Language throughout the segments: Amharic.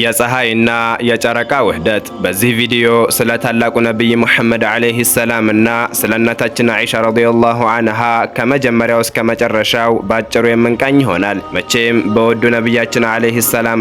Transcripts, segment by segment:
የፀሐይና የጨረቃ ውህደት። በዚህ ቪዲዮ ስለ ታላቁ ነቢይ ሙሐመድ ዓለይህ ሰላም እና ስለ እናታችን አይሻ ረዲየላሁ አንሃ ከመጀመሪያው እስከ መጨረሻው ባጭሩ የምንቃኝ ይሆናል። መቼም በወዱ ነቢያችን ዓለይህ ሰላም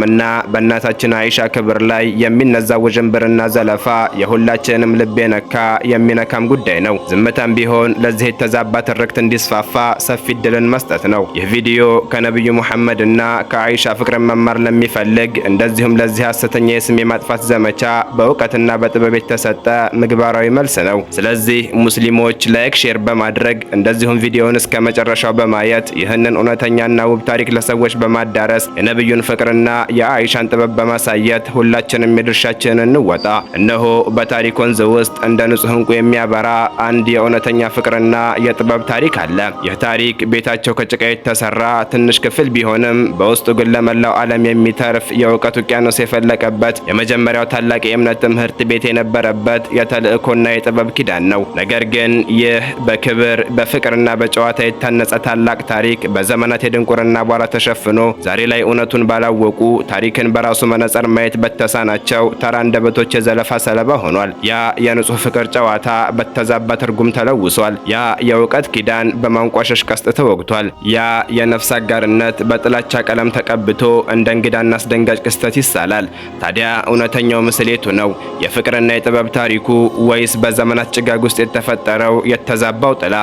በእናታችን አይሻ ክብር ላይ የሚነዛ ውዥንብርና ዘለፋ የሁላችንም ልብ የነካ የሚነካም ጉዳይ ነው። ዝምታም ቢሆን ለዚህ የተዛባ ትርክት እንዲስፋፋ ሰፊ ድልን መስጠት ነው። ይህ ቪዲዮ ከነቢዩ ሙሐመድ እና ከአይሻ ፍቅርን መማር ለሚፈልግ እንደዚሁም ለዚህ ሐሰተኛ የስም የማጥፋት ዘመቻ በእውቀትና በጥበብ የተሰጠ ምግባራዊ መልስ ነው። ስለዚህ ሙስሊሞች ላይክ፣ ሼር በማድረግ እንደዚሁም ቪዲዮውን እስከ መጨረሻው በማየት ይህንን እውነተኛና ውብ ታሪክ ለሰዎች በማዳረስ የነብዩን ፍቅርና የአይሻን ጥበብ በማሳየት ሁላችንም የድርሻችንን እንወጣ። እነሆ በታሪክ ወንዝ ውስጥ እንደ ንጹህ እንቁ የሚያበራ አንድ የእውነተኛ ፍቅርና የጥበብ ታሪክ አለ። ይህ ታሪክ ቤታቸው ከጭቃ የተሰራ ትንሽ ክፍል ቢሆንም በውስጡ ግን ለመላው ዓለም የሚተርፍ የእውቀት ውቅያኖስ ሊያድኖስ የፈለቀበት የመጀመሪያው ታላቅ የእምነት ትምህርት ቤት የነበረበት የተልእኮና የጥበብ ኪዳን ነው። ነገር ግን ይህ በክብር በፍቅርና በጨዋታ የታነጸ ታላቅ ታሪክ በዘመናት የድንቁርና አቧራ ተሸፍኖ ዛሬ ላይ እውነቱን ባላወቁ ታሪክን በራሱ መነጽር ማየት በተሳናቸው ተራ አንደበቶች የዘለፋ ሰለባ ሆኗል። ያ የንጹህ ፍቅር ጨዋታ በተዛባ ትርጉም ተለውሷል። ያ የእውቀት ኪዳን በማንቋሸሽ ቀስት ተወግቷል። ያ የነፍስ አጋርነት በጥላቻ ቀለም ተቀብቶ እንደ እንግዳና አስደንጋጭ ክስተት ይሳል። ይሳላል። ታዲያ እውነተኛው ምስል የቱ ነው? የፍቅርና የጥበብ ታሪኩ ወይስ በዘመናት ጭጋግ ውስጥ የተፈጠረው የተዛባው ጥላ?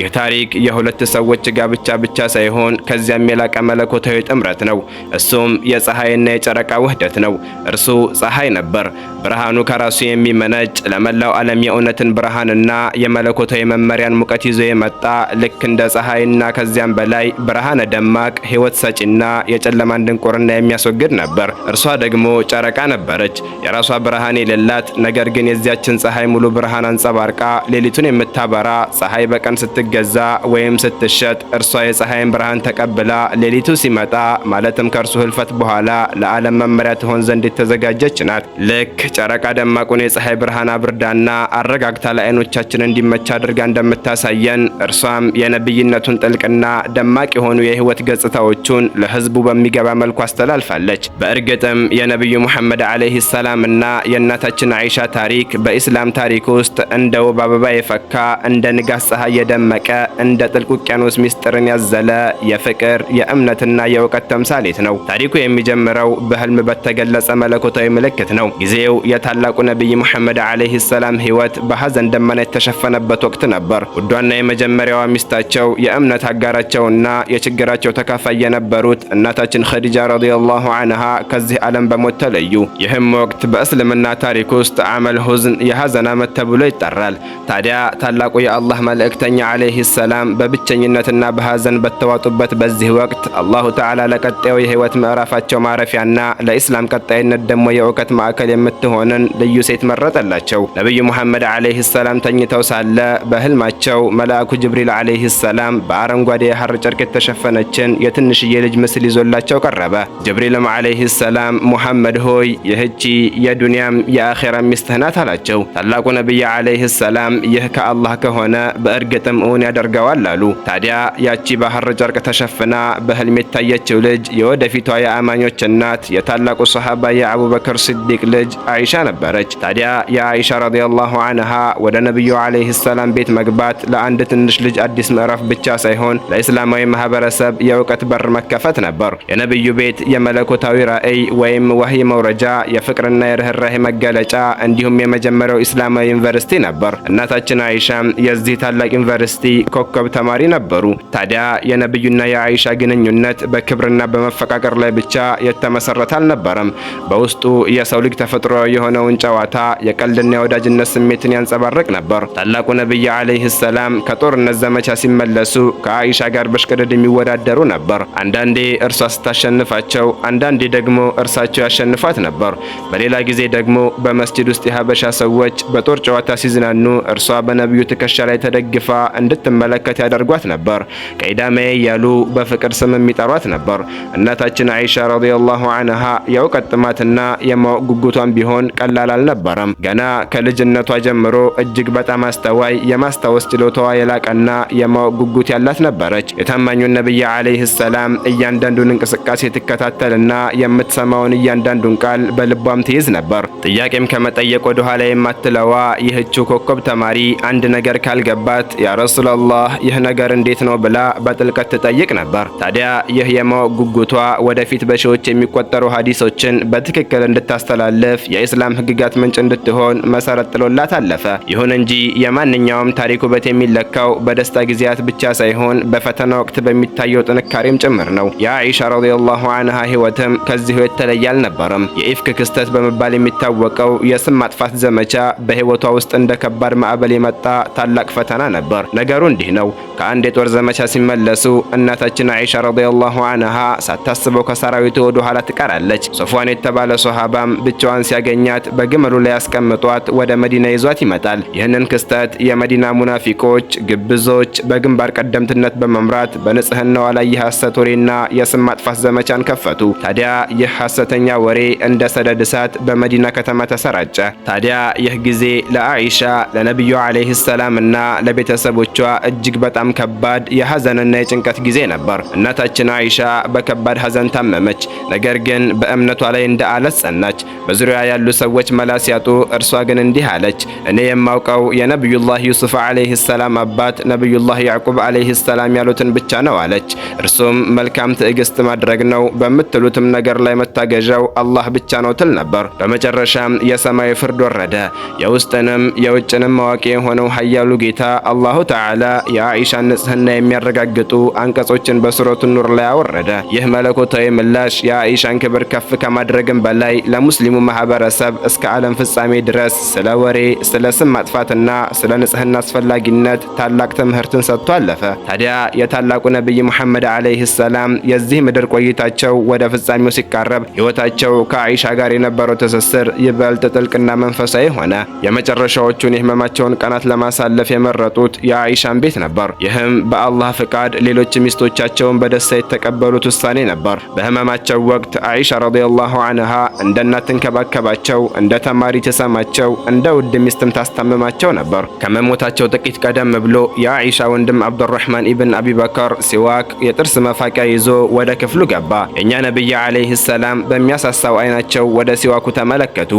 ይህ ታሪክ የሁለት ሰዎች ጋብቻ ብቻ ሳይሆን ከዚያም የላቀ መለኮታዊ ጥምረት ነው። እሱም የፀሐይና የጨረቃ ውህደት ነው። እርሱ ፀሐይ ነበር፣ ብርሃኑ ከራሱ የሚመነጭ ለመላው ዓለም የእውነትን ብርሃንና የመለኮታዊ መመሪያን ሙቀት ይዞ የመጣ ልክ እንደ ፀሐይና ከዚያም በላይ ብርሃነ ደማቅ ህይወት ሰጪና የጨለማን ድንቁርና የሚያስወግድ ነበር። እርሷ ደግሞ ጨረቃ ነበረች፣ የራሷ ብርሃን የሌላት ነገር ግን የዚያችን ፀሐይ ሙሉ ብርሃን አንጸባርቃ ሌሊቱን የምታበራ ፀሐይ በቀን ስትገዛ ወይም ስትሸጥ እርሷ የፀሐይን ብርሃን ተቀብላ ሌሊቱ ሲመጣ ማለትም ከእርሱ ህልፈት በኋላ ለዓለም መመሪያ ትሆን ዘንድ የተዘጋጀች ናት። ልክ ጨረቃ ደማቁን የፀሐይ ብርሃን አብርዳና አረጋግታ ለአይኖቻችን እንዲመች አድርጋ እንደምታሳየን እርሷም የነብይነቱን ጥልቅና ደማቅ የሆኑ የህይወት ገጽታዎቹን ለህዝቡ በሚገባ መልኩ አስተላልፋለች። በእርግጥም የነቢዩ ሙሐመድ ዓለይህ ሰላም እና የእናታችን አይሻ ታሪክ በኢስላም ታሪክ ውስጥ እንደ ውብ አበባ የፈካ እንደ ንጋት ፀሐይ የደመቀ እንደ ጥልቅ ውቅያኖስ ምስጢርን ያዘለ የፍቅር የእምነትና የእውቀት ተምሳሌት ነው። ታሪኩ የሚጀምረው በህልም በተገለጸ መለኮታዊ ምልክት ነው። ጊዜው የታላቁ ነቢይ ሙሐመድ ዓለይህ ሰላም ህይወት በሐዘን ደመና የተሸፈነበት ወቅት ነበር። ውዷና የመጀመሪያዋ ሚስታቸው የእምነት አጋራቸውና የችግራቸው ተካፋይ የነበሩት እናታችን ኸዲጃ ረዲየላሁ አንሃ ከዚህ ዓለም በሞት ተለዩ። ይህም ወቅት በእስልምና ታሪክ ውስጥ አመል ሁዝን የሐዘን ዓመት ተብሎ ይጠራል። ታዲያ ታላቁ የአላህ መልእክተኛ ዓለይሂ ሰላም በብቸኝነትና በሐዘን በተዋጡበት በዚህ ወቅት አላሁ ተዓላ ለቀጣዩ የህይወት ምዕራፋቸው ማረፊያና ለኢስላም ቀጣይነት ደግሞ የእውቀት ማዕከል የምትሆንን ልዩ ሴት መረጠላቸው። ነቢዩ ሙሐመድ ዓለይሂ ሰላም ተኝተው ሳለ በህልማቸው መልአኩ ጅብሪል ዓለይሂ ሰላም በአረንጓዴ የሐር ጨርቅ የተሸፈነችን የትንሽዬ ልጅ ምስል ይዞላቸው ቀረበ። ጅብሪልም ዓለይሂ ሰላም ሙሐመድ ሆይ ይህቺ የዱንያም የአኼራ ሚስትህ ናት አላቸው። ታላቁ ነቢይ ዓለይህ ሰላም ይህ ከአላህ ከሆነ በእርግጥም እውን ያደርገዋል አሉ። ታዲያ ያቺ ባህር ጨርቅ ተሸፍና በህልም የታየችው ልጅ የወደፊቷ የአማኞች እናት የታላቁ ሰሃባ የአቡበክር ስዲቅ ልጅ አይሻ ነበረች። ታዲያ የአይሻ ረዲየላሁ አንሃ ወደ ነቢዩ ዓለይህ ሰላም ቤት መግባት ለአንድ ትንሽ ልጅ አዲስ ምዕራፍ ብቻ ሳይሆን ለእስላማዊ ማህበረሰብ የእውቀት በር መከፈት ነበር። የነቢዩ ቤት የመለኮታዊ ራእይ ወይም ወይም ወህይ መውረጃ፣ የፍቅርና የርኅራሄ መገለጫ እንዲሁም የመጀመሪያው ኢስላማዊ ዩኒቨርሲቲ ነበር። እናታችን አይሻ የዚህ ታላቅ ዩኒቨርሲቲ ኮከብ ተማሪ ነበሩ። ታዲያ የነብዩና የአይሻ ግንኙነት በክብርና በመፈቃቀር ላይ ብቻ የተመሰረተ አልነበረም። በውስጡ የሰው ልጅ ተፈጥሮ የሆነውን ጨዋታ፣ የቀልድና የወዳጅነት ስሜትን ያንጸባርቅ ነበር። ታላቁ ነብይ አለይህ ሰላም ከጦርነት ዘመቻ ሲመለሱ ከአይሻ ጋር በሽቅድድ የሚወዳደሩ ነበር። አንዳንዴ እርሷ ስታሸንፋቸው፣ አንዳንዴ ደግሞ እርሳ በመምታታቸው ያሸንፏት ነበር። በሌላ ጊዜ ደግሞ በመስጂድ ውስጥ የሀበሻ ሰዎች በጦር ጨዋታ ሲዝናኑ እርሷ በነቢዩ ትከሻ ላይ ተደግፋ እንድትመለከት ያደርጓት ነበር። ቀይዳሜ እያሉ በፍቅር ስም የሚጠሯት ነበር። እናታችን አይሻ ረዲየላሁ አንሃ የእውቀት ጥማትና የማወቅ ጉጉቷን ቢሆን ቀላል አልነበረም። ገና ከልጅነቷ ጀምሮ እጅግ በጣም አስተዋይ፣ የማስታወስ ችሎታዋ የላቀና የማወቅ ጉጉት ያላት ነበረች። የታማኙን ነቢይ ዓለይህ ሰላም እያንዳንዱን እንቅስቃሴ ትከታተልና የምትሰማውን እያንዳንዱን ቃል በልቧም ትይዝ ነበር። ጥያቄም ከመጠየቅ ወደ ኋላ የማትለዋ ይህችው ኮከብ ተማሪ አንድ ነገር ካልገባት ያ ረሱላላህ ይህ ነገር እንዴት ነው ብላ በጥልቀት ትጠይቅ ነበር። ታዲያ ይህ የማወቅ ጉጉቷ ወደፊት በሺዎች የሚቆጠሩ ሀዲሶችን በትክክል እንድታስተላልፍ የኢስላም ህግጋት ምንጭ እንድትሆን መሰረት ጥሎላት አለፈ። ይሁን እንጂ የማንኛውም ታሪክ ውበት የሚለካው በደስታ ጊዜያት ብቻ ሳይሆን በፈተና ወቅት በሚታየው ጥንካሬም ጭምር ነው። የአኢሻ ረዲየላሁ አንሃ ህይወትም ከዚሁ የተለየ አልነበረም። የኢፍክ ክስተት በመባል የሚታወቀው የስም ማጥፋት ዘመቻ በህይወቷ ውስጥ እንደ ከባድ ማዕበል የመጣ ታላቅ ፈተና ነበር። ነገሩ እንዲህ ነው። ከአንድ የጦር ዘመቻ ሲመለሱ እናታችን አይሻ ረዲየላሁ አንሃ ሳታስበው ከሰራዊቱ ወደ ኋላ ትቀራለች። ሶፏን የተባለ ሶሃባም ብቻዋን ሲያገኛት በግመሉ ላይ ያስቀምጧት ወደ መዲና ይዟት ይመጣል። ይህንን ክስተት የመዲና ሙናፊቆች፣ ግብዞች በግንባር ቀደምትነት በመምራት በንጽህናዋ ላይ የሐሰት ወሬና የስም ማጥፋት ዘመቻን ከፈቱ። ታዲያ ይህ ሐሰተ ሐሰተኛ ወሬ እንደ ሰደድ እሳት በመዲና ከተማ ተሰራጨ። ታዲያ ይህ ጊዜ ለአኢሻ ለነቢዩ ዓለይሂ ሰላም እና ለቤተሰቦቿ እጅግ በጣም ከባድ የሐዘንና የጭንቀት ጊዜ ነበር። እናታችን አይሻ በከባድ ሐዘን ታመመች። ነገር ግን በእምነቷ ላይ እንደ አለት ጸናች። በዙሪያ ያሉ ሰዎች መላ ሲያጡ፣ እርሷ ግን እንዲህ አለች። እኔ የማውቀው የነቢዩላህ ዩሱፍ ዓለይሂ ሰላም አባት ነቢዩላህ ያዕቁብ ዓለይሂ ሰላም ያሉትን ብቻ ነው አለች። እርሱም መልካም ትዕግስት ማድረግ ነው በምትሉትም ነገር ላይ መታገዣ መቤዣው አላህ ብቻ ነው ትል ነበር። በመጨረሻም የሰማይ ፍርድ ወረደ። የውስጥንም የውጭንም ማዋቂ የሆነው ሀያሉ ጌታ አላሁ ተዓላ የአኢሻን ንጽህና የሚያረጋግጡ አንቀጾችን በሱረቱ ኑር ላይ አወረደ። ይህ መለኮታዊ ምላሽ የአኢሻን ክብር ከፍ ከማድረግም በላይ ለሙስሊሙ ማህበረሰብ እስከ ዓለም ፍጻሜ ድረስ ስለ ወሬ፣ ስለ ስም ማጥፋትና ስለ ንጽህና አስፈላጊነት ታላቅ ትምህርትን ሰጥቶ አለፈ። ታዲያ የታላቁ ነቢይ ሙሐመድ ዓለይህ ሰላም የዚህ ምድር ቆይታቸው ወደ ፍጻሜው ሲቃረብ በሕይወታቸው ከአይሻ ጋር የነበረው ትስስር ይበልጥ ጥልቅና መንፈሳዊ ሆነ። የመጨረሻዎቹን የህመማቸውን ቀናት ለማሳለፍ የመረጡት የአይሻን ቤት ነበር። ይህም በአላህ ፍቃድ ሌሎች ሚስቶቻቸውን በደስታ የተቀበሉት ውሳኔ ነበር። በህመማቸው ወቅት አይሻ ረዲየላሁ አንሃ እንደ እናት ትንከባከባቸው፣ እንደ ተማሪ ትሰማቸው፣ እንደ ውድ ሚስትም ታስታምማቸው ነበር። ከመሞታቸው ጥቂት ቀደም ብሎ የአይሻ ወንድም አብዱራህማን ኢብን አቢበከር ሲዋክ የጥርስ መፋቂያ ይዞ ወደ ክፍሉ ገባ። እኛ ነቢይ ዓለይህ ሰላም በሚያሳሳው አይናቸው ወደ ሲዋኩ ተመለከቱ።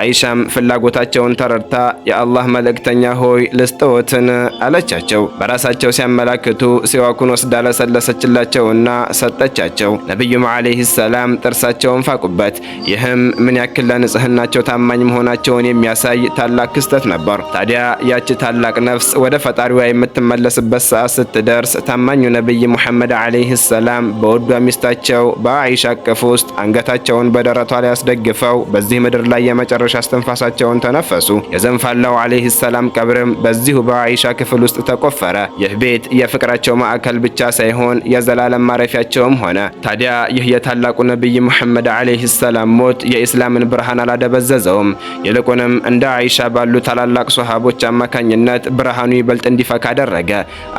አይሻም ፍላጎታቸውን ተረድታ የአላህ መልእክተኛ ሆይ ልስጥዎትን አለቻቸው። በራሳቸው ሲያመላክቱ ሲዋኩን ወስዳ ለሰለሰችላቸውና ሰጠቻቸው። ነቢዩም ዓለይህ ሰላም ጥርሳቸውን ፋቁበት። ይህም ምን ያክል ለንጽህናቸው ታማኝ መሆናቸውን የሚያሳይ ታላቅ ክስተት ነበር። ታዲያ ያቺ ታላቅ ነፍስ ወደ ፈጣሪዋ የምትመለስበት ሰዓት ስትደርስ ታማኙ ነቢይ ሙሐመድ ዓለይህ ሰላም በወዷ ሚስታቸው በአይሻ ቅፍ ውስጥ አንገታቸው እጃቸውን በደረቷ ላይ አስደግፈው በዚህ ምድር ላይ የመጨረሻ አስተንፋሳቸውን ተነፈሱ። የዘንፋላው ዓለይሂ ሰላም ቀብርም በዚሁ በአይሻ ክፍል ውስጥ ተቆፈረ። ይህ ቤት የፍቅራቸው ማዕከል ብቻ ሳይሆን የዘላለም ማረፊያቸውም ሆነ። ታዲያ ይህ የታላቁ ነቢይ መሐመድ ዓለይሂ ሰላም ሞት የኢስላምን ብርሃን አላደበዘዘውም። ይልቁንም እንደ አይሻ ባሉ ታላላቅ ሶሃቦች አማካኝነት ብርሃኑ ይበልጥ እንዲፈካ አደረገ።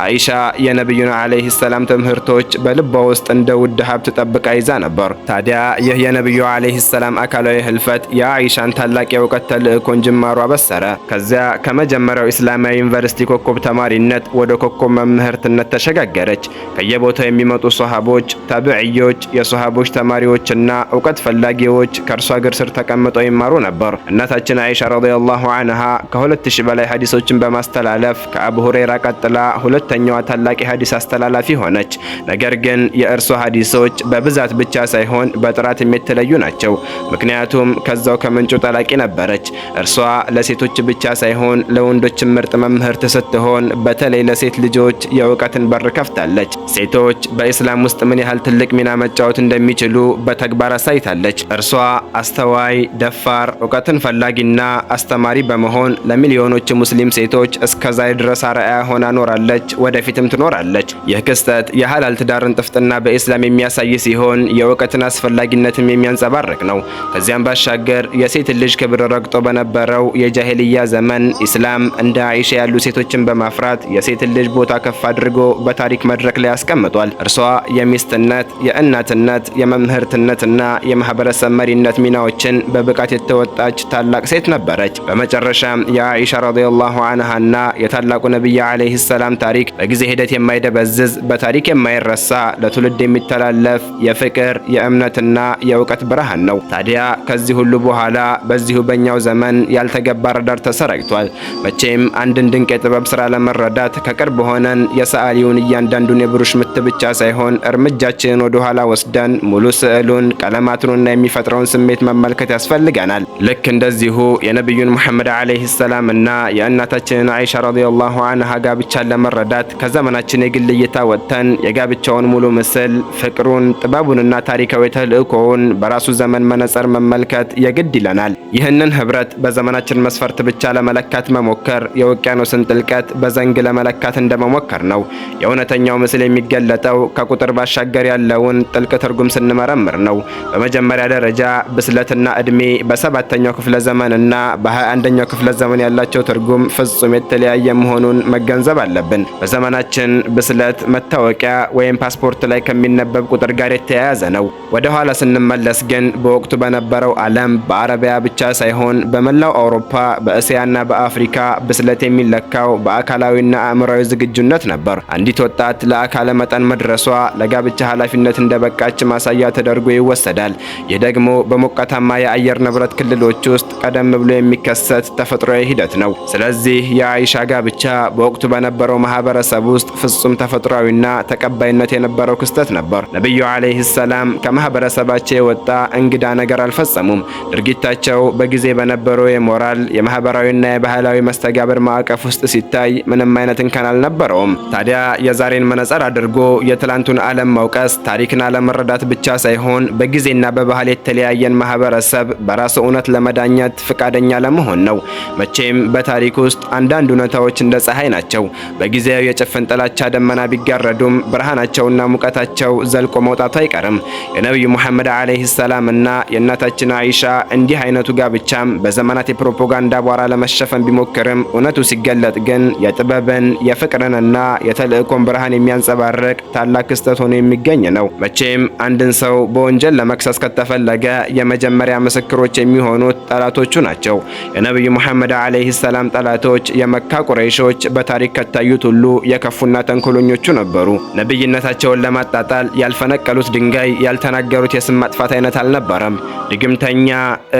አይሻ የነቢዩን ዓለይሂ ሰላም ትምህርቶች በልቧ ውስጥ እንደ ውድ ሀብት ጠብቃ ይዛ ነበር። ታዲያ ይህ የነቢዩ ዓለይሂ ሰላም አካላዊ ህልፈት የአይሻን ታላቅ የእውቀት ተልእኮን ጅማሮ አበሰረ። ከዚያ ከመጀመሪያው ኢስላማዊ ዩኒቨርሲቲ ኮከብ ተማሪነት ወደ ኮከብ መምህርትነት ተሸጋገረች። ከየቦታው የሚመጡ ሶሃቦች፣ ታብዕዮች፣ የሶሃቦች ተማሪዎችና እውቀት ፈላጊዎች ከእርሷ እግር ስር ተቀምጠው ይማሩ ነበር። እናታችን አይሻ ረዲየላሁ አንሃ ከሁለት ሺህ በላይ ሀዲሶችን በማስተላለፍ ከአቡ ሁሬራ ቀጥላ ሁለተኛዋ ታላቅ የሀዲስ አስተላላፊ ሆነች። ነገር ግን የእርሷ ሀዲሶች በብዛት ብቻ ሳይሆን በጥራት የተለዩ ናቸው። ምክንያቱም ከዛው ከምንጩ ጠላቂ ነበረች። እርሷ ለሴቶች ብቻ ሳይሆን ለወንዶችም ምርጥ መምህርት ስትሆን በተለይ ለሴት ልጆች የእውቀትን በር ከፍታለች። ሴቶች በኢስላም ውስጥ ምን ያህል ትልቅ ሚና መጫወት እንደሚችሉ በተግባር አሳይታለች። እርሷ አስተዋይ፣ ደፋር፣ እውቀትን ፈላጊና አስተማሪ በመሆን ለሚሊዮኖች ሙስሊም ሴቶች እስከዛሬ ድረስ አርአያ ሆና ኖራለች፣ ወደፊትም ትኖራለች። ይህ ክስተት የሀላል ትዳርን ጥፍጥና በኢስላም የሚያሳይ ሲሆን የእውቀትን አስፈላጊነትም የሚያንጸባርቅ ነው። ከዚያም ባሻገር የሴት ልጅ ክብር ረግጦ በነበረው የጃሄልያ ዘመን ኢስላም እንደ አይሻ ያሉ ሴቶችን በማፍራት የሴት ልጅ ቦታ ከፍ አድርጎ በታሪክ መድረክ ላይ አስቀምጧል። እርሷ የሚስትነት፣ የእናትነት፣ የመምህርትነትና የማህበረሰብ መሪነት ሚናዎችን በብቃት የተወጣች ታላቅ ሴት ነበረች። በመጨረሻም የአይሻ ረዲየላሁ አንሃና የታላቁ ነቢይ ዓለይሂ ሰላም ታሪክ በጊዜ ሂደት የማይደበዝዝ በታሪክ የማይረሳ ለትውልድ የሚተላለፍ የፍቅር የእምነትና የው የእውቀት ብርሃን ነው። ታዲያ ከዚህ ሁሉ በኋላ በዚሁ በእኛው ዘመን ያልተገባ ረዳር ተሰራጭቷል። መቼም አንድን ድንቅ የጥበብ ስራ ለመረዳት ከቅርብ ሆነን የሰዓሊውን እያንዳንዱን የብሩሽ ምት ብቻ ሳይሆን እርምጃችንን ወደ ኋላ ወስደን ሙሉ ስዕሉን፣ ቀለማቱንና የሚፈጥረውን ስሜት መመልከት ያስፈልገናል። ልክ እንደዚሁ የነቢዩን ሙሐመድ ዓለይሂ ሰላም እና የእናታችንን አይሻ ረዲየላሁ አንሃ ጋብቻን ለመረዳት ከዘመናችን የግል እይታ ወጥተን የጋብቻውን ሙሉ ምስል፣ ፍቅሩን፣ ጥበቡንና ታሪካዊ ተልእኮውን በራሱ ዘመን መነጽር መመልከት የግድ ይለናል። ይህንን ህብረት በዘመናችን መስፈርት ብቻ ለመለካት መሞከር የውቅያኖስን ጥልቀት በዘንግ ለመለካት እንደመሞከር ነው። የእውነተኛው ምስል የሚገለጠው ከቁጥር ባሻገር ያለውን ጥልቅ ትርጉም ስንመረምር ነው። በመጀመሪያ ደረጃ ብስለትና እድሜ በሰባተኛው ክፍለ ዘመንና በሃያ አንደኛው ክፍለ ዘመን ያላቸው ትርጉም ፍጹም የተለያየ መሆኑን መገንዘብ አለብን። በዘመናችን ብስለት መታወቂያ ወይም ፓስፖርት ላይ ከሚነበብ ቁጥር ጋር የተያያዘ ነው። ወደ ኋላ ስንመ መለስ ግን በወቅቱ በነበረው ዓለም በአረቢያ ብቻ ሳይሆን በመላው አውሮፓ በእስያና በአፍሪካ ብስለት የሚለካው በአካላዊና አእምራዊ ዝግጁነት ነበር። አንዲት ወጣት ለአካለ መጠን መድረሷ ለጋብቻ ኃላፊነት እንደበቃች ማሳያ ተደርጎ ይወሰዳል። ይህ ደግሞ በሞቃታማ የአየር ንብረት ክልሎች ውስጥ ቀደም ብሎ የሚከሰት ተፈጥሯዊ ሂደት ነው። ስለዚህ የአይሻ ጋብቻ በወቅቱ በነበረው ማህበረሰብ ውስጥ ፍጹም ተፈጥሯዊና ተቀባይነት የነበረው ክስተት ነበር። ነቢዩ ዓለይሂ ሰላም ከማህበረሰባቸው የወጣ እንግዳ ነገር አልፈጸሙም። ድርጊታቸው በጊዜ በነበረው የሞራል የማህበራዊና የባህላዊ መስተጋብር ማዕቀፍ ውስጥ ሲታይ ምንም አይነት እንከን አልነበረውም። ታዲያ የዛሬን መነጸር አድርጎ የትላንቱን ዓለም መውቀስ ታሪክን አለመረዳት ብቻ ሳይሆን በጊዜና በባህል የተለያየን ማህበረሰብ በራሱ እውነት ለመዳኘት ፈቃደኛ ለመሆን ነው። መቼም በታሪክ ውስጥ አንዳንድ እውነታዎች እንደ ፀሐይ ናቸው። በጊዜያዊ የጭፍን ጥላቻ ደመና ቢጋረዱም ብርሃናቸውና ሙቀታቸው ዘልቆ መውጣቱ አይቀርም። የነቢዩ ሙሐመድ ዓለይሂ ሰላም እና የእናታችን አይሻ እንዲህ አይነቱ ጋብቻም በዘመናት የፕሮፓጋንዳ አቧራ ለመሸፈን ቢሞክርም እውነቱ ሲገለጥ ግን የጥበብን የፍቅርንና የተልእኮን ብርሃን የሚያንጸባርቅ ታላቅ ክስተት ሆኖ የሚገኝ ነው። መቼም አንድን ሰው በወንጀል ለመክሰስ ከተፈለገ የመጀመሪያ ምስክሮች የሚሆኑት ጠላቶቹ ናቸው። የነቢዩ ሙሐመድ ዓለይሂ ሰላም ጠላቶች የመካ ቁረይሾች በታሪክ ከታዩት ሁሉ የከፉና ተንኮሎኞቹ ነበሩ። ነቢይነታቸውን ለማጣጣል ያልፈነቀሉት ድንጋይ፣ ያልተናገሩት የስም ማጥፋት የጥፋት አይነት አልነበረም። ድግምተኛ፣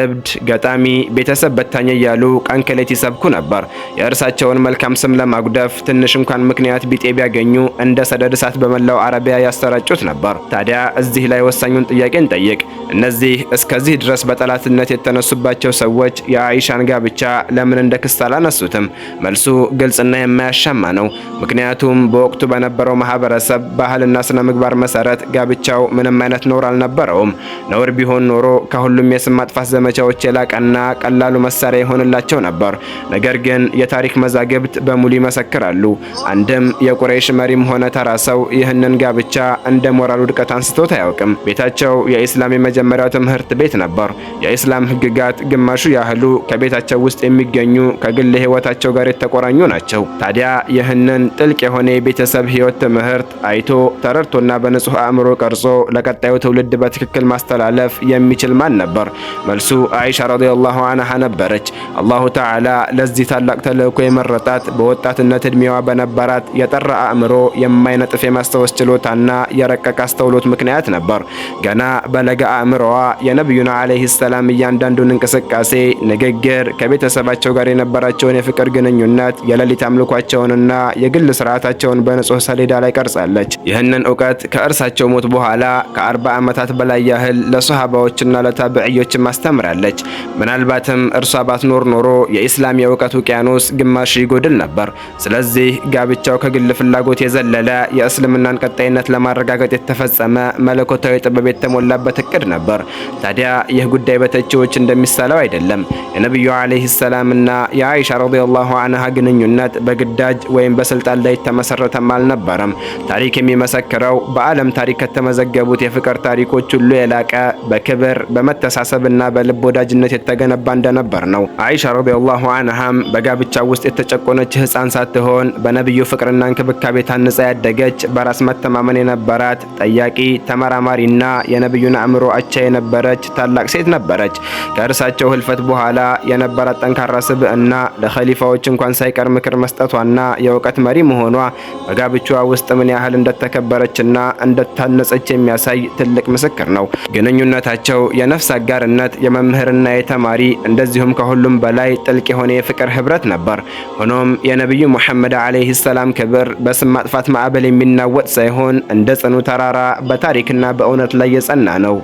እብድ፣ ገጣሚ፣ ቤተሰብ በታኝ እያሉ ቀን ከሌት ይሰብኩ ነበር። የእርሳቸውን መልካም ስም ለማጉደፍ ትንሽ እንኳን ምክንያት ቢጤ ቢያገኙ እንደ ሰደድ እሳት በመላው አረቢያ ያሰራጩት ነበር። ታዲያ እዚህ ላይ ወሳኙን ጥያቄ እንጠይቅ። እነዚህ እስከዚህ ድረስ በጠላትነት የተነሱባቸው ሰዎች የአይሻን ጋብቻ ለምን እንደ ክስ አላነሱትም? መልሱ ግልጽና የማያሻማ ነው። ምክንያቱም በወቅቱ በነበረው ማህበረሰብ ባህልና ስነ ምግባር መሰረት ጋብቻው ምንም አይነት ኖር አልነበረውም። ነውር ቢሆን ኖሮ ከሁሉም የስም ማጥፋት ዘመቻዎች የላቀና ቀላሉ መሳሪያ የሆንላቸው ነበር። ነገር ግን የታሪክ መዛግብት በሙሉ ይመሰክራሉ። አንድም የቁረይሽ መሪም ሆነ ተራ ሰው ይህንን ጋብቻ እንደ ሞራል ውድቀት አንስቶት አያውቅም። ቤታቸው የኢስላም የመጀመሪያው ትምህርት ቤት ነበር። የኢስላም ሕግጋት ግማሹ ያህሉ ከቤታቸው ውስጥ የሚገኙ ከግል ሕይወታቸው ጋር የተቆራኙ ናቸው። ታዲያ ይህንን ጥልቅ የሆነ የቤተሰብ ሕይወት ትምህርት አይቶ ተረድቶና በንጹህ አእምሮ ቀርጾ ለቀጣዩ ትውልድ በትክክል ማስ ማስተላለፍ የሚችል ማን ነበር? መልሱ አይሻ ረዲየላሁ አንሃ ነበረች። አላሁ ተዓላ ለዚህ ታላቅ ተልእኮ የመረጣት በወጣትነት እድሜዋ በነበራት የጠራ አእምሮ፣ የማይነጥፍ የማስታወስ ችሎታና የረቀቀ አስተውሎት ምክንያት ነበር። ገና በለጋ አእምሮዋ የነቢዩና ዓለይሂ ሰላም እያንዳንዱን እንቅስቃሴ፣ ንግግር፣ ከቤተሰባቸው ጋር የነበራቸውን የፍቅር ግንኙነት፣ የሌሊት አምልኳቸውንና የግል ስርዓታቸውን በንጹህ ሰሌዳ ላይ ቀርጻለች። ይህንን እውቀት ከእርሳቸው ሞት በኋላ ከአርባ ዓመታት በላይ ያህል ለሶሃባዎችና ለታብዕዮችም አስተምራለች። ምናልባትም እርሷ ባትኖር ኖሮ የኢስላም የእውቀት ውቅያኖስ ግማሽ ይጎድል ነበር። ስለዚህ ጋብቻው ከግል ፍላጎት የዘለለ የእስልምናን ቀጣይነት ለማረጋገጥ የተፈጸመ መለኮታዊ ጥበብ የተሞላበት እቅድ ነበር። ታዲያ ይህ ጉዳይ በተቺዎች እንደሚሳለው አይደለም። የነቢዩ ዓለይሂ ሰላምና የአይሻ ረዲየላሁ አንሃ ግንኙነት በግዳጅ ወይም በስልጣን ላይ ተመሰረተም አልነበረም። ታሪክ የሚመሰክረው በዓለም ታሪክ ከተመዘገቡት የፍቅር ታሪኮች ሁሉ የላቀ በክብር በመተሳሰብና በልብ ወዳጅነት የተገነባ እንደነበር ነው። አይሻ ረዲየላሁ አንሃም በጋብቻ ውስጥ የተጨቆነች ህፃን ሳትሆን በነቢዩ ፍቅርና እንክብካቤ ታንጻ ያደገች በራስ መተማመን የነበራት ጠያቂ፣ ተመራማሪና የነቢዩን አእምሮ አቻ የነበረች ታላቅ ሴት ነበረች። ከእርሳቸው ህልፈት በኋላ የነበረ ጠንካራ ስብዕና ለኸሊፋዎች እንኳን ሳይቀር ምክር መስጠቷና የእውቀት መሪ መሆኗ በጋብቻዋ ውስጥ ምን ያህል እንደተከበረችና እንደታነጸች የሚያሳይ ትልቅ ምስክር ነው። ግንኙነታቸው የነፍስ አጋርነት፣ የመምህርና የተማሪ እንደዚሁም ከሁሉም በላይ ጥልቅ የሆነ የፍቅር ህብረት ነበር። ሆኖም የነቢዩ ሙሐመድ ዓለይሂ ሰላም ክብር በስም ማጥፋት ማዕበል የሚናወጥ ሳይሆን እንደ ጽኑ ተራራ በታሪክና በእውነት ላይ የጸና ነው።